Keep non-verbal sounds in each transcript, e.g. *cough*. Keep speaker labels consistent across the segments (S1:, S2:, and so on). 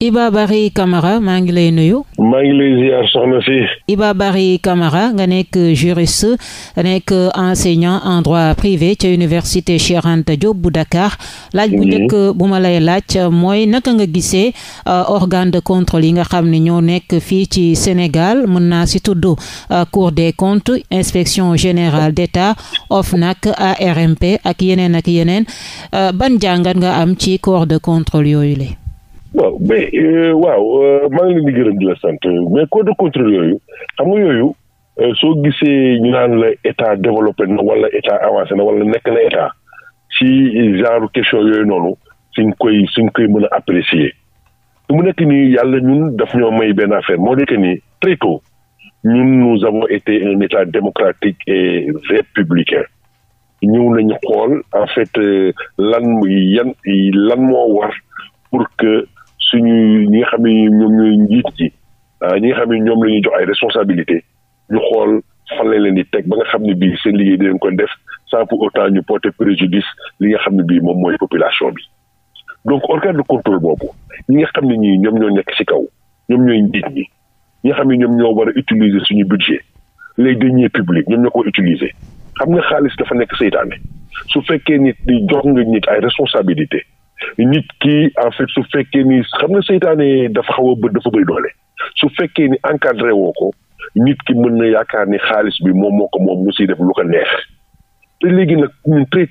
S1: Iba Barry Camara maa ngi lay nuyu. Iba Barry Camara nga nekk juriste nekk enseignant en droit privé ca université Cheikh Anta Diop bu Dakar bu mhm. njëkk bu ma lay laaj mooy naka nga gisee euh, organe de contrôle yi nga xam ne ñoo nekk fii ci Sénégal mën naa si tudd euh, Cour des comptes inspection générale d'État OFNAC ARMP ak yeneen ak yeneen euh, ban jàngat nga am ci corps de contrôle yooyu la.
S2: waaw mais euh, waaw euh, maa ngi leen di gërëm la sant mais code de contrôle yooyu xam nga yooyu euh, soo gisee ñu naan la état développé na wala état avancé na wala nekk na état ci genre question yooyu noonu suñ koy suñ koy mën a apprécier mu nekk nii yàlla ñun daf ñoo may benn affaire moo nekk nii très tôt ñun nous avons été un état démocratique et républicain ñëw nañu xool en fait lan yan lan moo war pour que suñu ñi nga xam ne ñoom ñooy njiit yi ah, ñi xam ne ñoom la ñuy jox ay responsabilité ñu xool fan lañ leen di teg ba nga xam ne bii seen liggéey dinañ koy def sans pour autant ñu porter préjudice li nga xam ne bii moom mooy population bi donc organe de contrôle boobu ñi nga xam ne ñii ñoom ñoo nekk ci kaw ñoom ñooy njiit ñi xam ne ñoom ñoo war a utiliser suñu budget les deniers publics ñoom ñoo ko utiliser xam nga xaalis dafa nekk seytaane su fekkee nit di jox nga nit ay responsabilité nit ki en fait su fekkee ni xam na seytaane dafa xaw a bë dafa bëri doole su fekkee ni encadré woo ko nit ki mën na yaakaar ni xaalis bi moom moo moom mu siy def lu ko neex te léegi nag ñun très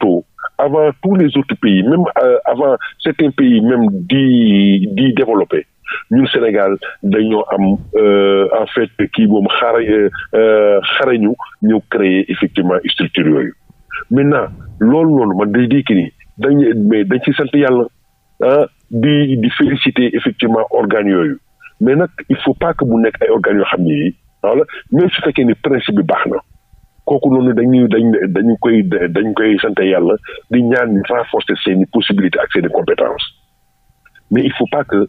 S2: avant tous les autres pays même euh, avant certains pays même di di développé ñun Sénégal dañoo am euh, en fait kii moom xara euh, xarañu ñëw créer effectivement structure yooyu maintenant loolu loolu man day dikki ni dañ mais dañ ci sant yàlla ah di di féliciter effectivement organe yooyu mais nag il faut pas que mu nekk ay organes yoo xam ne yi wala même su fekkee ni principe bi baax na kooku noonu dañuy dañ dañu koy dañ koy sant yàlla di ñaan ñu renforcer seeni i ak seen i compétences mais il faut pas que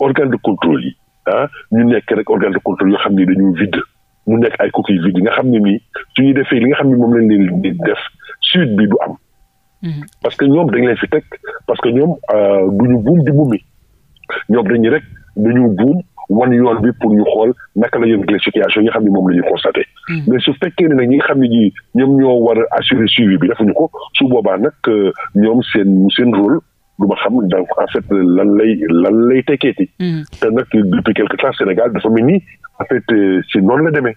S2: organe de contrôle yi ah ñu nekk rek organe de contrôle yoo xam ne dañuy vide mu nekk ay coquilles vides nga xam ne nii su ñuy defee li nga xam ne moom lañ leen di def suite bi du am. Mm-hmm. parce que ñoom dañ leen fi teg parce que ñoom euh, du ñu buum di bumi ñoom dañuy rek dañu buum wan yoon bi pour ñu xool naka la yëngalee situation yi nga xam ne moom la ñu constaté. Mm-hmm. su fekkee ne nag ñi nga xam ne ñi ñoom ñoo war a assurer suivi bi defuñu ko su boobaa nag euh, ñoom seen seen rôle. du ma xam donc en fait lan lay lan lay tekkeeti. Mm-hmm. te nag depuis quelque temps Sénégal dafa mel ni en fait euh, si noonu la demee.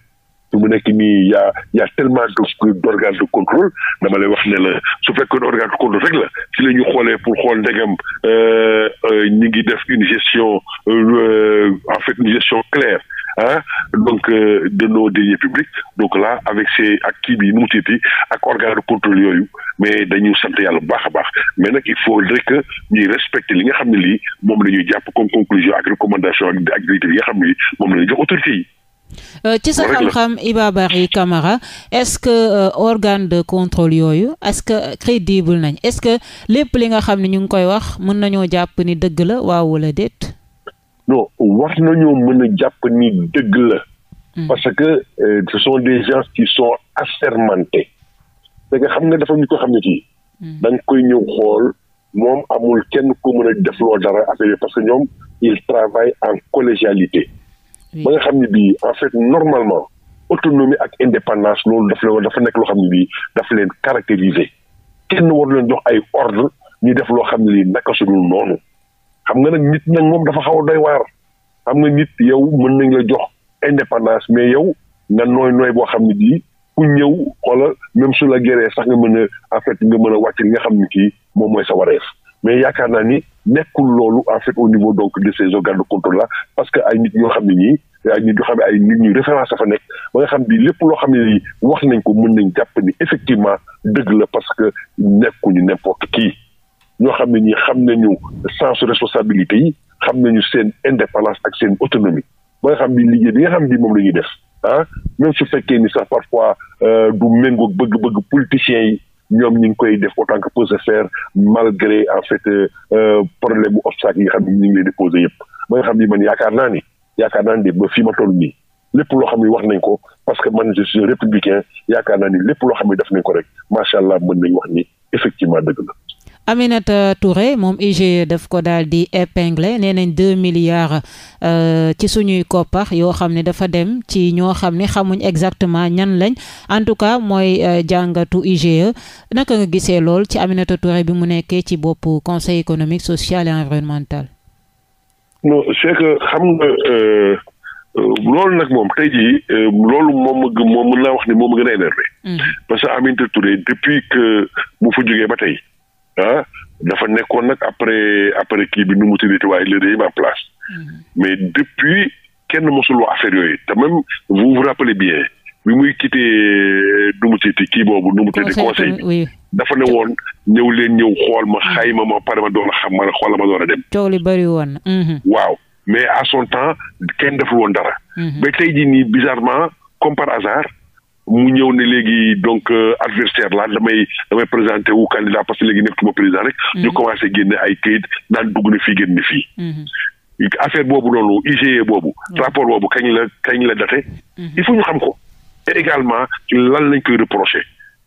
S2: fi mu nekk nii y' a y' a tellement de contrôle dama lay wax ne la su fekkoon organe de contrôle rek la si la ñu xoolee pour xool ndegam euh, euh, ñu ngi def une gestion euh, en fait une gestion claire ah donc de nos deniers publics donc la avec ces ak kii bi nu mu tuddati ak organe de contrôle yooyu mais dañu sante yàlla bu baax a baax mais nag il faudrait que ñuy respecter li nga xam ne lii moom la ñuy jàpp comme conclusion ak recommandation ak ak directive yi nga xam ne moom la ñuy jox autorités yi.
S1: Euh, ci sa xam-xam Iba Barry Camara est-ce que euh, organe de contrôle yooyu est-ce que crédible nañ est-ce que lépp li nga xam ne ñu ngi koy wax mën nañoo jàpp ni dëgg la waaw wala déet.
S2: non war nañoo mën dëgg la. Hmm. parce que euh, ce sont des gens qui sont assermentés. da nga xam nga dafa ñu ko xam ne kii. Hmm. da koy ñëw xool moom amul kenn ku mën a defloo dara affaire parce que ñoom ils travaillent en collégialité. ba nga xam ne bii en fait normalement autonomie ak indépendance loolu daf leen dafa nekk loo xam ne bii daf leen caractériser kenn war leen jox ay ordre ñu def loo xam ne lii naka suñu xam nga nag nit nag moom dafa xaw a doy waar xam nga nit yow mën nañ la jox indépendance mais yow nga nooy nooy boo xam ne bii ku ñëw xoola même su la géree sax nga mën a en fait nga mën a wàcc li nga xam ne kii moom mooy sa wareef mais yaakaar naa ni nekkul loolu en fait au niveau donc de ces organes de contrôle parce que ay nit ñoo xam ne ñii ay nit ñoo xam ne ay nit ñuy référence dafa nekk ba nga xam ni lépp loo xam ne nii wax nañ ko mën nañu jàpp ni effectivement dëgg la parce que nekkuñu n'importe qui ñoo xam ne ñii xam nañu sens responsabilité yi xam nañu seen indépendance ak seen autonomie ba nga xam bi liggéey bi nga xam ni moom la ñuy def ah même su fekkee ni sax parfois euh, du méngoog bëgg-bëgg politiciens yi ñoom ñu ngi koy def autant que peut se faire malgré en fait euh, euh, problème bu obstacle yi nga xam ne ñu ngi leen di yëpp ba nga xam ni man yaakaar naa ni yaakaar naa ni ba fii ma toll nii lépp loo xam ne wax nañ ko parce que man je suis républicain yaakaar naa ni lépp loo xam ne def nañ ko rek macha allah mën nañ wax ni effectivement dëgg la.
S1: Aminata Touré moom IG daf ko daal di épinglé nee nañ deux milliards euh, ci suñuy koppar yoo xam ne dafa dem ci ñoo xam ne xamuñ exactement ñan lañ en tout cas mooy euh, jàngatu IGE naka nga gisee lool ci Aminata Touré bi mu nekkee ci boppu conseil économique social et environnemental.
S2: non c'est que xam nga euh, loolu nag moom tey jii loolu moom moom gën a énervé. Mm. parce que Aminata Touré depuis que mu fa jógee ba tey. ah dafa nekkoon nag après après kii bi nu mu tuddati waaye le régime en place mm-hmm. mais depuis kenn mosul wax affaire yooyu te même vous vous rappelez bien bi muy quitté euh, nu mu tuddati kii boobu nu mu tuddati conseil dafa ne woon ñëw leen ñëw xool ma mm-hmm. xayma ma pare ma doon xam ma xoola ma doon a dem. coow li woon. Mm-hmm. waaw mais à son temps kenn deful woon dara. ba tey jii nii bizarrement comme par hasard. mu ñëw ne léegi donc euh, adversaire la damay damay présenté wu candidat parce que léegi nekkuma président rek. Mhm. ñu commencé génne ay kayit naan dugg na fii génne fii. Mhm. affaire boobu noonu IGE boobu. rapport boobu kañ la kañ la date. Mhm. il faut ñu xam ko. également lan lañ koy reproché.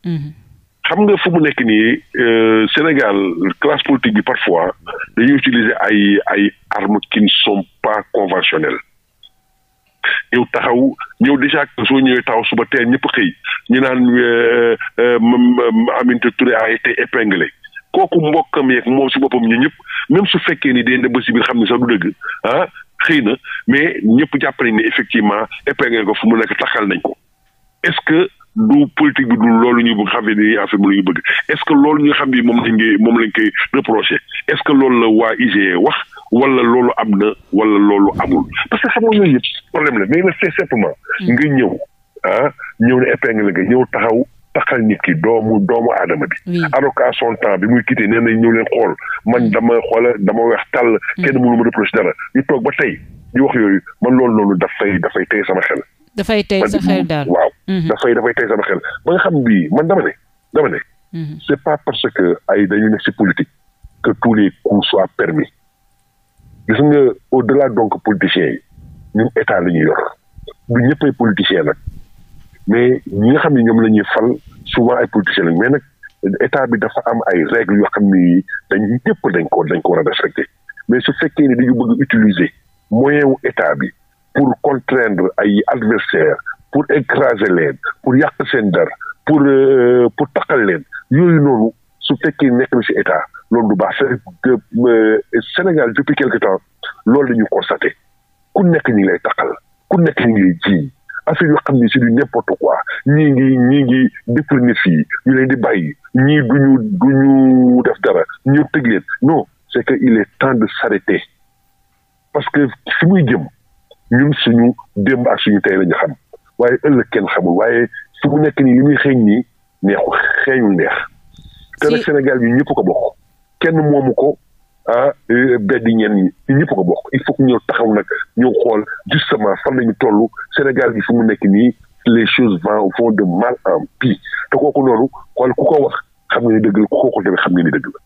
S2: xam nga fu mu nekk nii euh, Sénégal classe politique bi parfois dañuy utiliser ay ay armes qui ne sont pas conventionnelles. ñëw taxaw ñëw déjà soo ñëwee taxaw suba teel ñëpp xëy ñu naan euh, euh, Aminata Touré a été épinglé kooku mbokkam yeeg moom si boppam ñu ñëpp même su fekkee ni day dem ba si xam ne sax du dëgg ah xëy na mais ñëpp jàpp nañ effectivement épinglé ko fu mu nekk taxal nañ ko est du politique bi du loolu ñu xam ne nii affaire est-ce que loolu ñu xam ni moom lañ koy moom lañ koy reproché est-ce que loolu la waa IGE wax wala loolu am na wala loolu amul parce que xam nga yooyu yëpp problème la mais nag c'est simplement. Hmm. nga ñëw ah ñëw ne épingle nga ñëw taxaw. taxal nit ki doomu doomu aadama bi. alors que son temps bi muy quitté nee nañ ñu leen xool man hmm. dama xoola dama weex tal hmm. kenn mënu ma reproché dara ñu toog ba tey ñu wax yooyu man loolu loolu dafay dafay tey sama xel.
S1: dafay tey sa xel waaw.
S2: Mhm. dafay dafay tey sama xel ba nga xam bii man dama ne dama ne. Mhm. c'est pas parce que ay dañu nekk ci politique que tous les coups soient permis gis nga au-delà donc politiciens yi ñun état la yor du ñëppay politicien nag mais ñi nga xam yi ñoom la ñuy fal souvent ay politiciens lañ mais nag état bi dafa am ay règles yoo xam ni dañ ñëpp dañ ko dañ ko war a respecter mais su fekkee ni dañu bëgg utiliser moyen wu état bi. pour contraindre ay adversaires pour écraser leen pour yàq seen dara pour euh, pour takkal leen yooyu noonu su fekkee nekk na ci état loolu du baax euh, Sénégal depuis quelque temps loolu la ñu constaté ku nekk ñi lay takkal ku nekk ñi ngi lay jiiñ affaire yoo xam ni c'est du n'importe quoi ñii ngi ñii ngi déprimé fii ñu leen di bàyyi ñii duñu duñu def dara ñu tëj leen non c'est que il est temps de s'arrêter parce que fi muy jëm ñun suñu démb ak suñu tay la ñu xam waaye ëllëg kenn xamul waaye su nekk nii li muy xeeñ nii neexu xeeñul neex. te nag Sénégal bi ñëpp ko bokk moomu ko ah euh, bedd ñenn ñi ñëpp ko bokk il faut que ñëw taxaw nag ñëw xool justement fan la ñu toll Sénégal bi fu mu nekk nii les choses vont de mal en pis te kooku noonu xool ku ko wax xam nga ni dëgg la ku ko xool tamit xam nga ni dëgg la.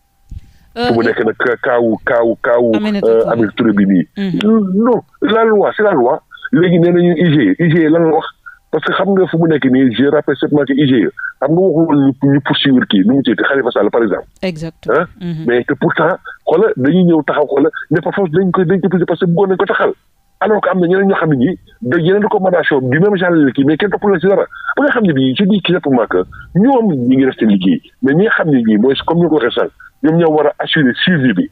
S2: fu mu nekk na kaawu kaawu kaawu. Aminata Touré bi mm-hmm. nii. non la loi c'est la loi léegi nee nañu IGE IGE lan la wax parce que xam nga fu mu nekk nii je rappelle simplement que IGE xam nga waxul ñu poursuivre kii nu mu jënd Khalifa Sall par exemple. exactement mm-hmm. mais que pourtant xoola dañuy ñëw taxaw xoola ne par force dañ koy dañ ko parce que bëggoon nañ taxal. alors que am na ñeneen ñoo xam ne ñi da yeneen recommandation du même genre la kii mais kenn toppul la xam ne bii je dis exactement que ñoom ñi ngi def seen liggéey mais ñi nga xam ne ñii mooy comme ñu ko waxee sànq ñoom ñoo war a assurer suivi bi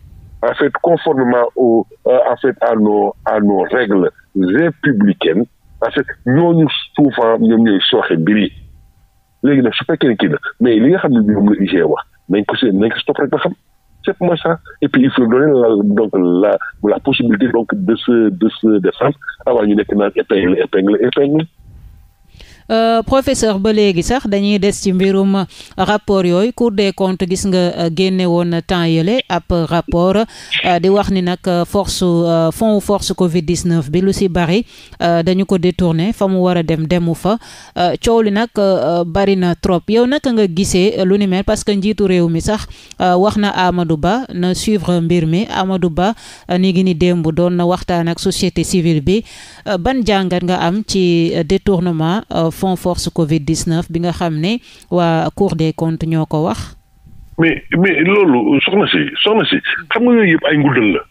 S2: en fait conformément au euh, en fait à nos à nos règles républicaines en fait ñooñu souvent ñoom ñooy sooxe mbir yi léegi nag su fekkee kii na mais li nga xam ne ñoom la UG e wax nañ ko si nañ ko si topp rek ba xam c'est moins ça. Et puis il faut donner donc la, possibilité donc de se de se défendre avant une épingle épingle épingle
S1: Euh, professeur ba léegi sax dañuy des ci mbirum rapport yooyu cour des comptes gis nga euh, génne woon temps yële ab rapport euh, di wax ni nag force fonds force Covid 19 bi lu si bari dañu ko détourné fa mu war a dem demu fa coow li nag bari na trop yow naka nga gisee lu ni mel parce que njiitu réew mi sax wax na Amadou Ba na suivre mbir mi Amadou Ba ni ngi ni démb doon na waxtaan ak société civile bi ban jàngat nga am ci détournement. fonds force Covid 19 bi nga xam ne waa Cour des comptes ñoo ko wax.
S2: mais mais loolu soxna si soxna si xam nga yooyu yëpp ay nguddal la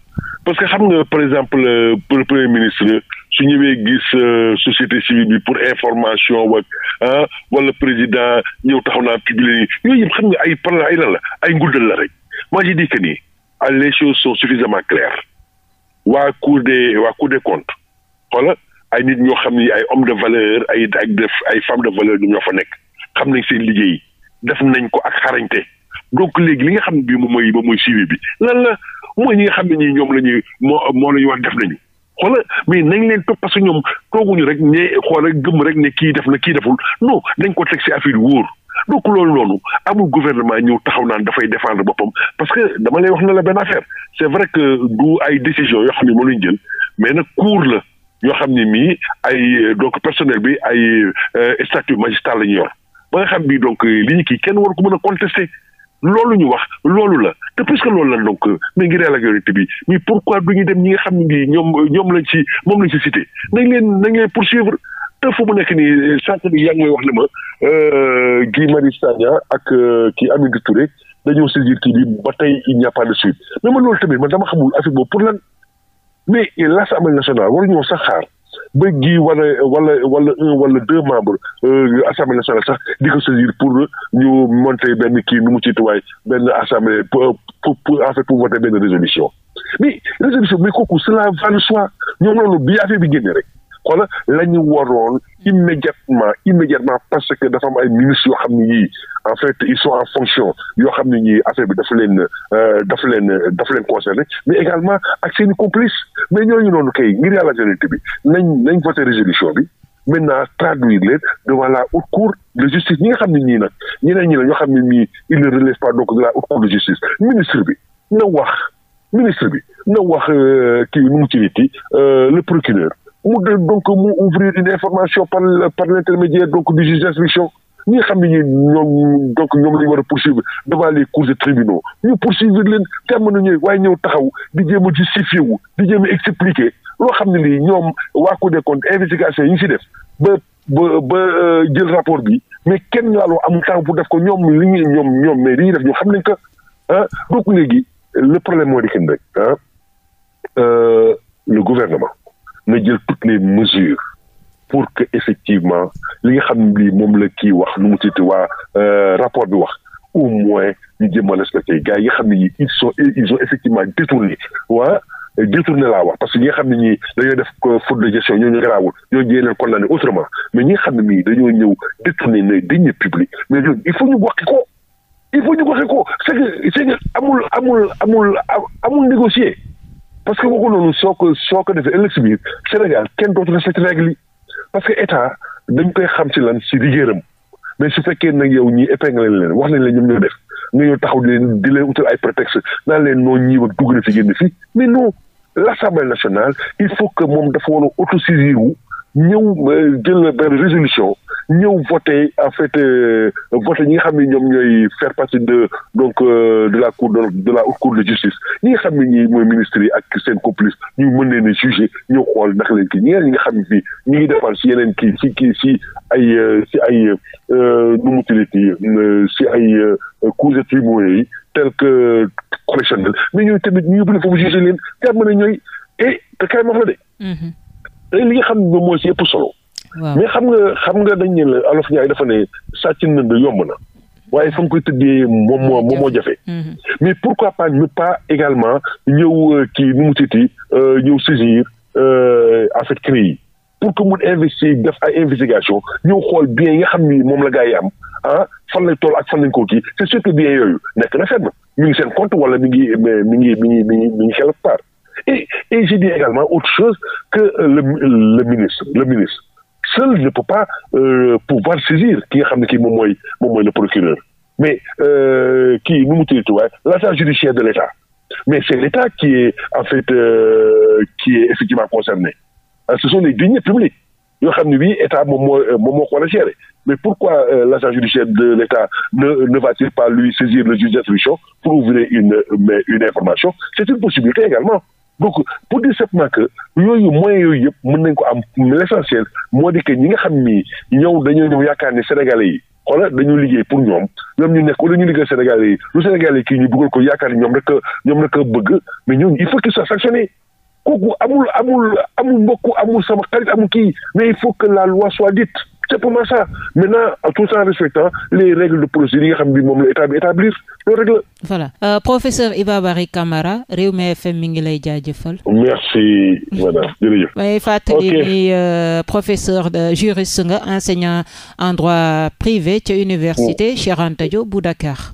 S2: parce que xam nga par exemple euh, le premier ministre su ñëwee gis euh, société civile bi pour information wak ah wala président ñëw taxaw naa publier yooyu yëpp xam nga ay par ay lan la ay nguddal la rek moi je dis nii les choses sont suffisamment claires waa cour des waa cour des comptes xoola ay nit ñoo xam ni ay homme de valeur ay ay def ay femme de valeur ñoo fa nekk xam nañ seen liggéey def nañ ko ak xarañte donc léegi li nga xam ne bii moom mooy moom mooy suivi bi lan la mooy ñi nga xam ne ñii ñoom la ñuy moo moo la wax def nañu xoola mais nañ leen topp parce que ñoom tooguñu rek ñe xoola gëmm rek ne kii def na kii deful non dañ ko teg ci affaire wóor donc loolu noonu amul gouvernement ñëw taxaw naan dafay défendre boppam parce que dama lay wax na la benn affaire c'est vrai que du ay décision yoo xam ne moo lañ jël mais nag cour la yoo xam ne mii ay euh, donc personnel bi ay euh, statut magistrat la ñu yor ba nga xam bi donc euh, li ñu kii kenn war ko mën a contester loolu ñu wax loolu la te puisque loolu la donc mi ngi réel ak yonent bi mais pourquoi du ñu dem ñi nga xam ne ñoom ñoom lañ ci moom lañ ci cité nañ leen nañ leen poursuivre te fu mu nekk nii sànq bi yaa ngi wax ne ma Guy Marius Sagna ak kii Aminata Touré dañoo saisir kii bi ba tey il n'y a pas de suite mais man loolu tamit man dama pour mais l'Assemblée nationale waruñoo sax xaar ba gi wala wala wala un wala deux membres euh, assemblée nationale sax di ko saisir pour ñu monter benn kii nu mu ci tuwaay benn assemblée pour pour en fait pour voter benn résolution mais résolution mais kooku cela va le choix ñoom loolu bi affaire bi génne rek. xoolal la ñu waroon immédiatement immédiatement parce que dafa am ay ministres yoo xam ne yii en fait ils sont en fonction yoo xam ne ñii affaire bi dafa leen euh, dafa leen dafa leen concerné mais également ak seen i complices mais ñooñu noonu kay ngir yàlla jëlante bi nañ nañ voté résolution bi. maintenant traduire leen devant la haute cour de justice ñi nga xam ne ñii nag ñeneen ñi la ñoo xam ne ñii il ne relève pas donc de la haute cour de justice ministre bi na wax ministre bi na wax euh, kii mu donc mu ouvrir une information par par l' intermédiaire donc du juge d' instruction ñi nga xam ñoom donc ñoom la ñu war a poursuivre devant les cours et tribunaux ñu poursuivre leen te terme nañu waaye ñëw taxaw di jéem a justifié wu di jéem a expliqué loo xam ne lii ñoom waa Cour des comptes investigation yi ñu si def ba ba ba euh, jël rapport bi mais kenn laaloo am temps pour def ko ñoom li ñuy ñoom ñoom mais li ñuy def ñu xam nañ que ah donc léegi le problème moo di kenn rek ah euh, le na jël toutes les mesures pour que effectivement li nga xam ne lii moom la kii wax nu mu tudd waa euh, rapport bi wax au moins ñu jéem a respecté gars yi nga xam ne ñi ils sont ils ont effectivement détourné waa détourné laa wax parce que ñi nga xam ne ñii dañoo def faute de gestion ñooñu ñoo ñooñu jiyee leen condamné autrement mais ñi xam ne mii dañoo ñëw détourné ne deniers publics mais ñooñu il faut ñu waxi ko il faut ñu waxi ko c'est que c'est amul amul amul amul négocier parce que waxu noonu soo ko soo ko defee ëllëg si biir Sénégal kenn dootu respecté règle yi parce que état dañ koy xam ci lan si liggéeyam mais su fekkee nag yow ñii épinglé leen wax nañ leen ñoom ñoo def nga ñëw taxaw di leen di leen utal ay prétexte naan leen noo ñii dugg na fi génn fi mais non l'Assemblée nationale il faut que moom dafa war a autosaisir ñëw euh, jël benn résolution ñëw voté en fait euh, voté ñi nga xam ne ñoom ñooy faire partie de donc euh, de la cour de la haute cour de justice ñi nga xam ne ñi mooy ministre yi ak seen complice ñu mën leen a jugé ñëw xool naka leen kii ñeneen ñi nga xam ne ñu ngi defar si yeneen kii si kii si ay si ay nu mu tuddati si ay cours de tribunaux yi tel que correctionnel mais ñooñu tamit ñu yóbbu leen foofu jugé leen te mën a ñooy eh te kay wax la de mm-hmm. tey li nga xam ne mooy si yëpp solo. mais xam nga xam nga dañ ne la alof Ndiaye dafa ne sàcc nënd yomb na waaye fa nga koy tëddee moom moo moom moo jafe. Mhm. mais pourquoi pas ñu également ñëw euh, kii nu mu titi euh, ñëw saisir en euh, fait CREI yi pour que mun investir def ay investigation ñëw xool bien yi nga xam ni moom la gaa yi am ah fan lañ toll ak fan lañ koo kii c'est sûr que bien yooyu nekk na fenn mi ngi seen compte wala mi ngi mi ngi mi ngi mi ngi mi ngi xel par Et, et j'ai dit également autre chose que le, le ministre. Le ministre. Seul ne peut pas euh, pouvoir saisir ki nga xam ne kii moom mooy moom mooy le procureur mais euh, kii nu mu tuddati waaye l'agent judiciaire de l'État mais c'est l'État qui est en fait euh, qui est effectivement concerné Alors, euh, ce sont les deniers publics yoo xam ne bii État moom moo moo ko war a gérer mais pourquoi euh, l'agent judiciaire de l'État ne va-t-il pas lui saisir le juge d'instruction pour ouvrir une une information c'est une possibilité également donc pour dire simplement que yooyu moyens yooyu yëpp mën nañ ko am l' essentiel moo di que ñi nga xam ni ñëw dañoo ñëw yaakaar ni sénégalais yi xoolal dañu liggéey pour ñoom ñoom ñu nekk wala ñu liggéey sénégalais yi lu sénégalais yi kii ñu dugal ko yaakaar ñoom rek ñoom rek bëgg mais ñooñu il faut qu'ils soient sanctionnés kooku amul amul amul mbokk amul sama xarit amul kii mais il faut que la loi soit dite c'est pour moi ça maintenant tout en respectant les règles de procédure yi nga xam ne moom la établir loolu rek la.
S1: voilà euh, professeur FM mi ngi lay jaajëfal.
S2: merci madame jërëjëf. ok
S1: *laughs* may fàttali ni de euh, euh, juriste nga enseignant en droit privé ca université oh. Cheikh Anta Diop bu Dakar.